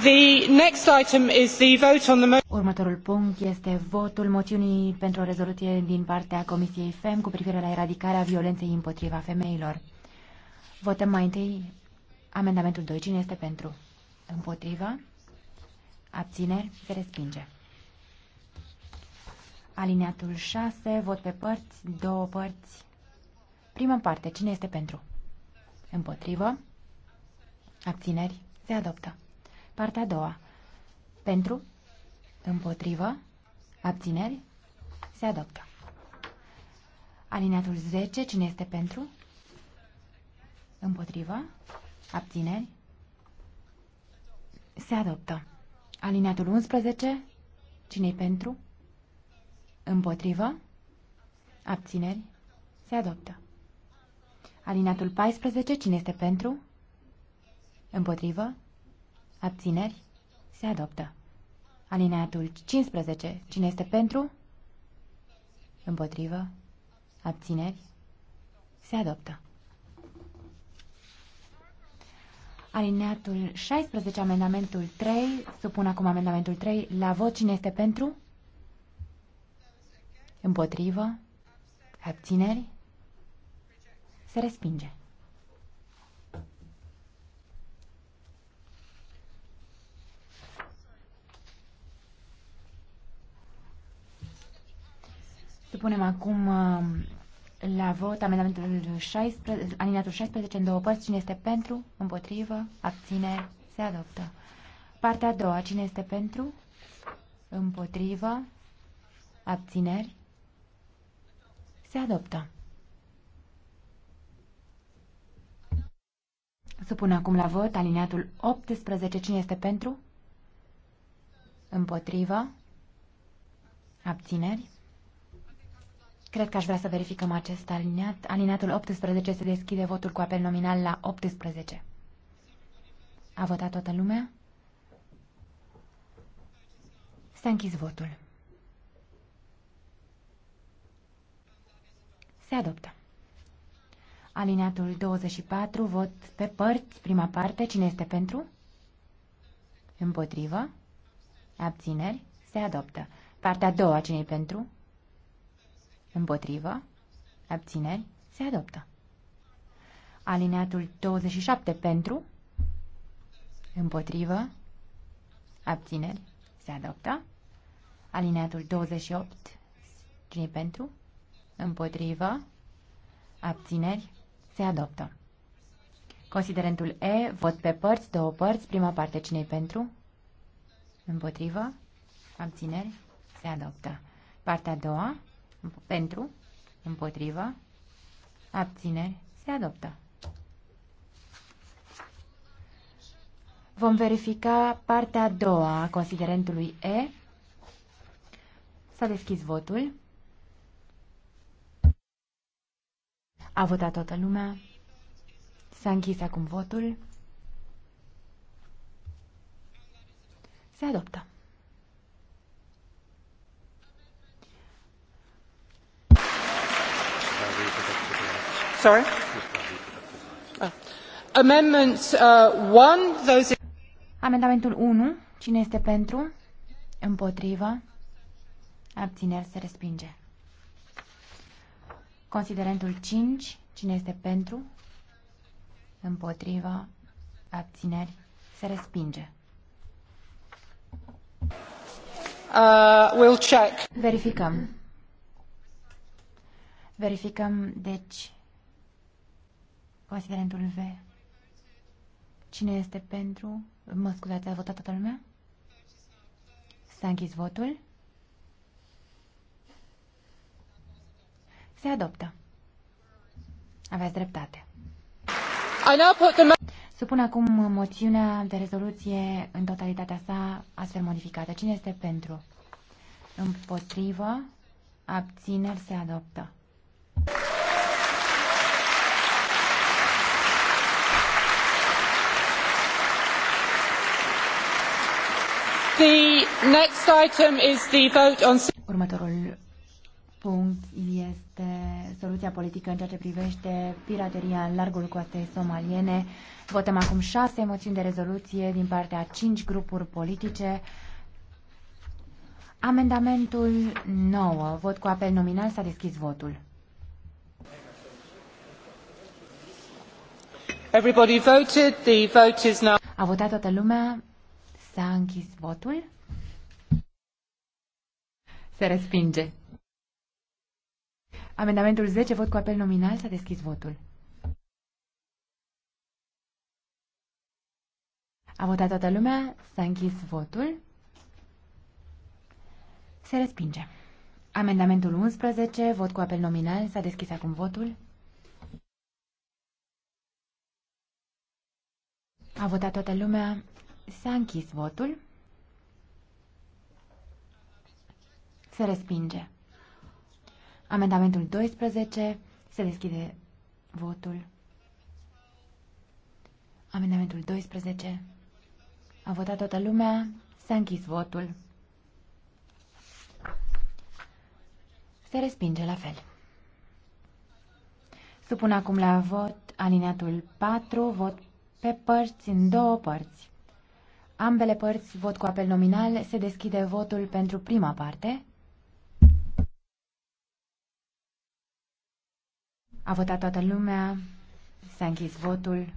The next item is the vote on the... Următorul punct este votul moțiunii pentru o rezoluție din partea Comisiei FEM cu privire la eradicarea violenței împotriva femeilor. Votăm mai întâi amendamentul 2. Cine este pentru? Împotriva? Abțineri? Se respinge. Alineatul 6, vot pe părți, două părți. Prima parte, cine este pentru? Împotrivă? Abțineri? Se adoptă. Partea a doua. Pentru, împotrivă, abțineri, se adoptă. Alineatul 10, cine este pentru? Împotrivă, abțineri, se adoptă. Alineatul 11, cine pentru? Împotrivă, abțineri, se adoptă. Alineatul 14, cine este pentru? Împotrivă, Abțineri? Se adoptă. Alineatul 15. Cine este pentru? Împotrivă? Abțineri? Se adoptă. Alineatul 16, amendamentul 3, supun acum amendamentul 3, la vot cine este pentru? Împotrivă? Abțineri? Se respinge. Supunem acum uh, la vot amendamentul 16, alineatul 16 în două părți. Cine este pentru? Împotrivă? Abține? Se adoptă. Partea a doua. Cine este pentru? Împotrivă? Abțineri? Se adoptă. Supun acum la vot alineatul 18. Cine este pentru? Împotrivă? Abțineri? Cred că aș vrea să verificăm acest aliniat. Alineatul 18 se deschide votul cu apel nominal la 18. A votat toată lumea? S-a închis votul. Se adoptă. Alineatul 24, vot pe părți, prima parte, cine este pentru? Împotrivă? Abțineri? Se adoptă. Partea a doua, cine pentru? Împotrivă. Abțineri. Se adoptă. Alineatul 27 pentru. Împotrivă. Abțineri. Se adoptă. Alineatul 28. Cine pentru? Împotrivă. Abțineri. Se adoptă. Considerentul E, vot pe părți, două părți, prima parte cine pentru? Împotrivă. Abțineri. Se adoptă. Partea a doua, pentru, împotrivă, abțineri, se adoptă. Vom verifica partea a doua a considerentului E. S-a deschis votul. A votat toată lumea. S-a închis acum votul. Se adoptă. Ah. Uh, Amendamentul unu, Cine este pentru? Împotrivă? Abțineri se respinge. Considerentul cinci, Cine este pentru? împotrivă? Abțineri se respinge. Uh, we'll check. Verificăm. Verificăm, deci, Considerentul V. Cine este pentru? Mă scuzați, a votat toată lumea? S-a închis votul. Se adoptă. Aveți dreptate. Supun acum moțiunea de rezoluție în totalitatea sa astfel modificată. Cine este pentru? Împotrivă? Abțineri se adoptă. Următorul punct este soluția politică în ceea ce privește pirateria în largul coastei somaliene. Votăm acum șase moțiuni de rezoluție din partea cinci grupuri politice. Amendamentul 9. Vot cu apel nominal. S-a deschis votul. Everybody voted. The vote is now... A votat toată lumea. S-a închis votul. Se respinge. Amendamentul 10, vot cu apel nominal, s-a deschis votul. A votat toată lumea, s-a închis votul. Se respinge. Amendamentul 11, vot cu apel nominal, s-a deschis acum votul. A votat toată lumea, S-a închis votul. Se respinge. Amendamentul 12. Se deschide votul. Amendamentul 12. A votat toată lumea. S-a închis votul. Se respinge la fel. Supun acum la vot alineatul 4, vot pe părți, în două părți. Ambele părți vot cu apel nominal. Se deschide votul pentru prima parte. A votat toată lumea. S-a închis votul.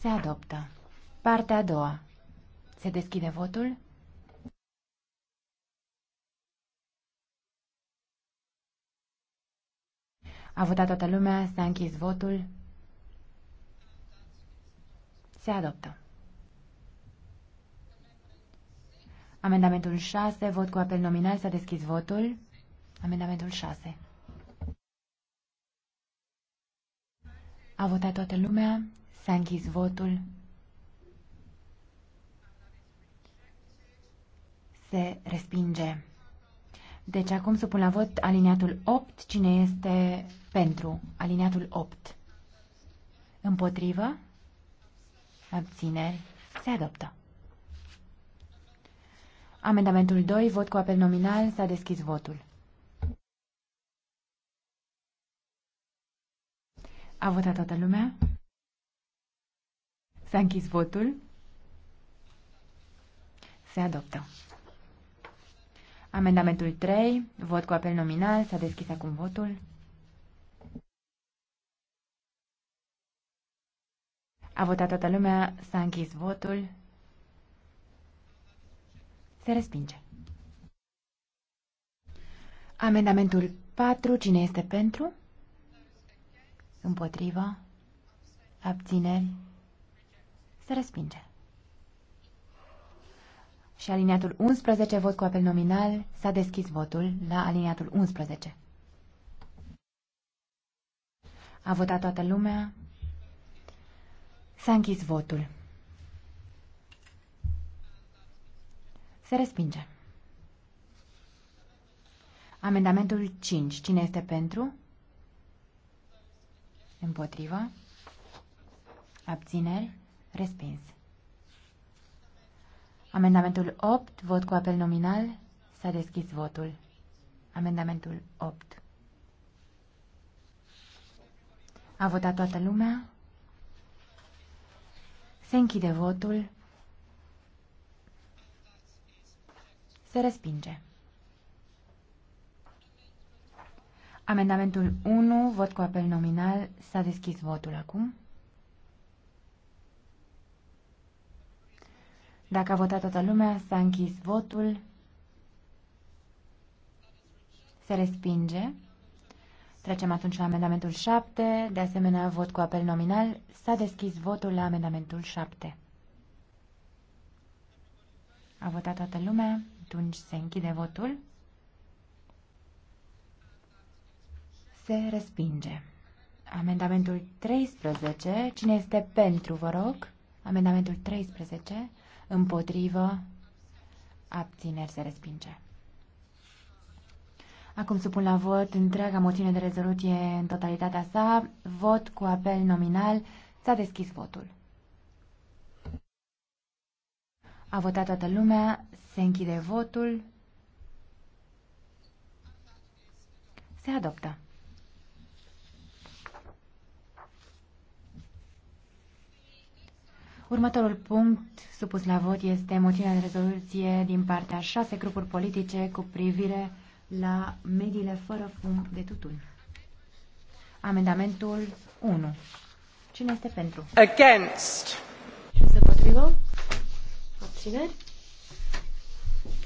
Se adoptă. Partea a doua. Se deschide votul. A votat toată lumea. S-a închis votul. Se adoptă. Amendamentul 6, vot cu apel nominal, s-a deschis votul. Amendamentul 6. A votat toată lumea, s-a închis votul. Se respinge. Deci acum supun la vot aliniatul 8. Cine este pentru aliniatul 8? Împotrivă? abțineri, se adoptă. Amendamentul 2, vot cu apel nominal, s-a deschis votul. A votat toată lumea? S-a închis votul? Se adoptă. Amendamentul 3, vot cu apel nominal, s-a deschis acum votul. A votat toată lumea, s-a închis votul. Se respinge. Amendamentul 4. Cine este pentru? Împotrivă. Abțineri. Se respinge. Și aliniatul 11, vot cu apel nominal, s-a deschis votul la aliniatul 11. A votat toată lumea, S-a închis votul. Se respinge. Amendamentul 5. Cine este pentru? Împotrivă. Abțineri. Respins. Amendamentul 8. Vot cu apel nominal. S-a deschis votul. Amendamentul 8. A votat toată lumea? Se închide votul. Se respinge. Amendamentul 1, vot cu apel nominal, s-a deschis votul acum. Dacă a votat toată lumea, s-a închis votul. Se respinge. Trecem atunci la amendamentul 7, de asemenea vot cu apel nominal. S-a deschis votul la amendamentul 7. A votat toată lumea, atunci se închide votul. Se respinge. Amendamentul 13, cine este pentru, vă rog? Amendamentul 13, împotrivă, abțineri se respinge. Acum supun la vot întreaga moțiune de rezoluție în totalitatea sa. Vot cu apel nominal. S-a deschis votul. A votat toată lumea. Se închide votul. Se adoptă. Următorul punct supus la vot este moțiunea de rezoluție din partea șase grupuri politice cu privire la mediile fără fum de tutun. Amendamentul 1. Cine este pentru? Against. Și se potrivă? Abțineri?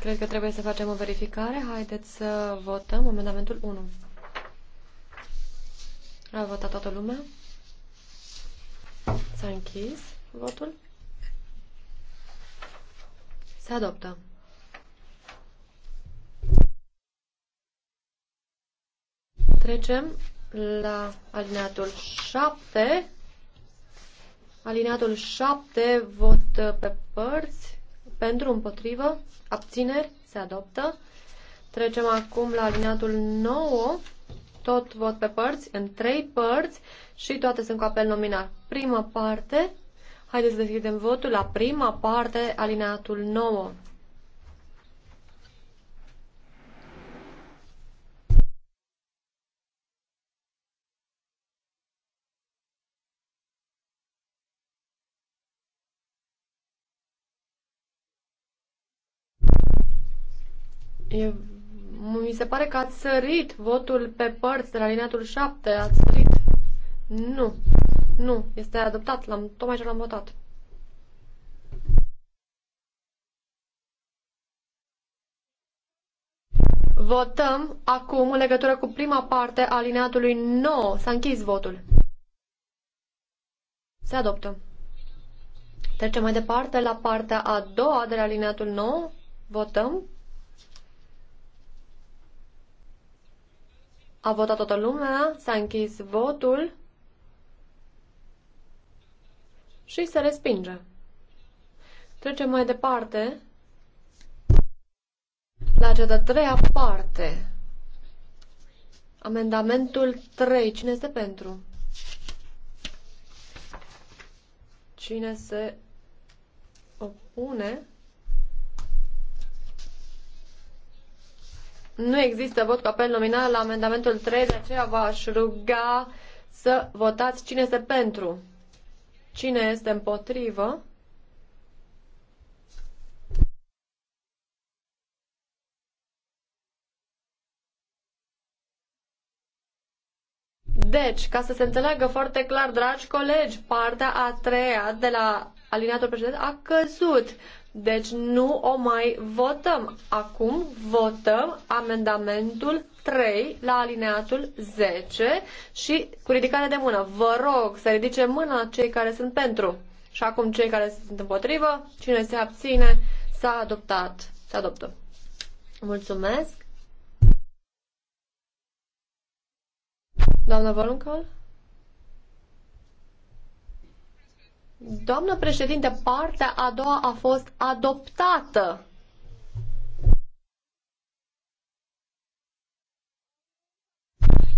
Cred că trebuie să facem o verificare. Haideți să votăm amendamentul 1. A votat toată lumea? S-a închis votul? Se adoptă. Trecem la alineatul 7. Alineatul 7, vot uh, pe părți, pentru, împotrivă, abțineri, se adoptă. Trecem acum la alineatul 9, tot vot pe părți, în 3 părți și toate sunt cu apel nominal. Prima parte, haideți să deschidem votul la prima parte, alineatul 9. E, mi se pare că ați sărit votul pe părți de la alineatul 7. Ați sărit? Nu. Nu. Este adoptat. L-am, tocmai ce l-am votat. Votăm acum în legătură cu prima parte a alineatului 9. S-a închis votul. Se adoptă. Trecem mai departe la partea a doua de la alineatul 9. Votăm. A votat toată lumea, s-a închis votul și se respinge. Trecem mai departe la cea de-a treia parte. Amendamentul 3. Cine este pentru? Cine se opune? Nu există vot cu apel nominal la amendamentul 3, de aceea v-aș ruga să votați cine este pentru, cine este împotrivă. Deci, ca să se înțeleagă foarte clar, dragi colegi, partea a treia de la alineatul precedent a căzut. Deci nu o mai votăm. Acum votăm amendamentul 3 la alineatul 10 și cu ridicare de mână. Vă rog să ridice mâna cei care sunt pentru. Și acum cei care sunt împotrivă, cine se abține, s-a adoptat. Se adoptă. Mulțumesc. Doamna Voluncă? Doamnă președinte, partea a doua a fost adoptată.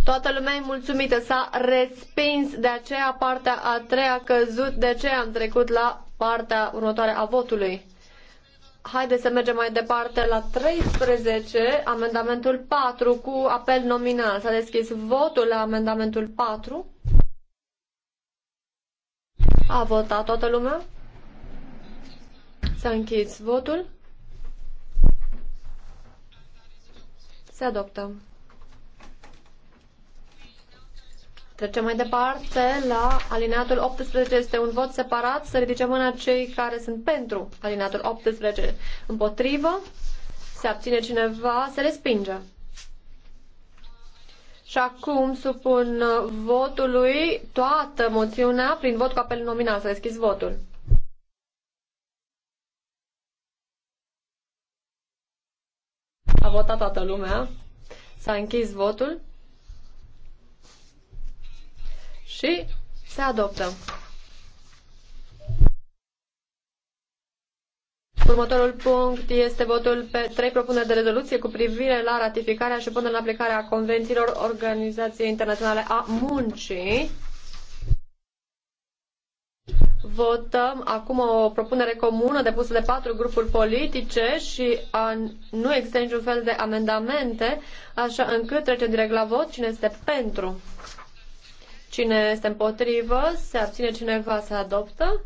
Toată lumea e mulțumită, s-a respins, de aceea partea a treia a căzut, de aceea am trecut la partea următoare a votului. Haideți să mergem mai departe la 13, amendamentul 4 cu apel nominal. S-a deschis votul la amendamentul 4. A votat toată lumea? S-a închis votul. Se adoptă. Trecem mai departe la alineatul 18. Este un vot separat. Să ridicem mâna cei care sunt pentru alineatul 18. Împotrivă. Se abține cineva. Se respinge. Și acum supun uh, votului toată moțiunea prin vot cu apel nominal. Să deschizi votul. A votat toată lumea. S-a închis votul. Și se adoptă. Următorul punct este votul pe trei propuneri de rezoluție cu privire la ratificarea și punerea în aplicare a convențiilor Organizației Internaționale a Muncii. Votăm acum o propunere comună depusă de patru grupuri politice și a, nu există niciun fel de amendamente, așa încât trecem direct la vot. Cine este pentru? Cine este împotrivă? Se abține cineva? Se adoptă?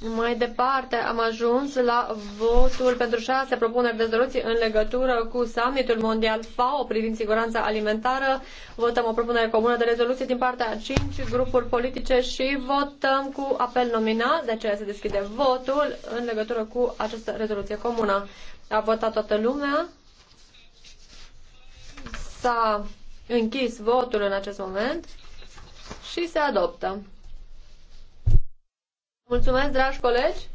Mai departe am ajuns la votul pentru șase propuneri de rezoluții în legătură cu summitul mondial FAO privind siguranța alimentară. Votăm o propunere comună de rezoluție din partea a cinci grupuri politice și votăm cu apel nominal, de aceea se deschide votul în legătură cu această rezoluție comună. A votat toată lumea. S-a închis votul în acest moment și se adoptă. Mulțumesc, dragi colegi!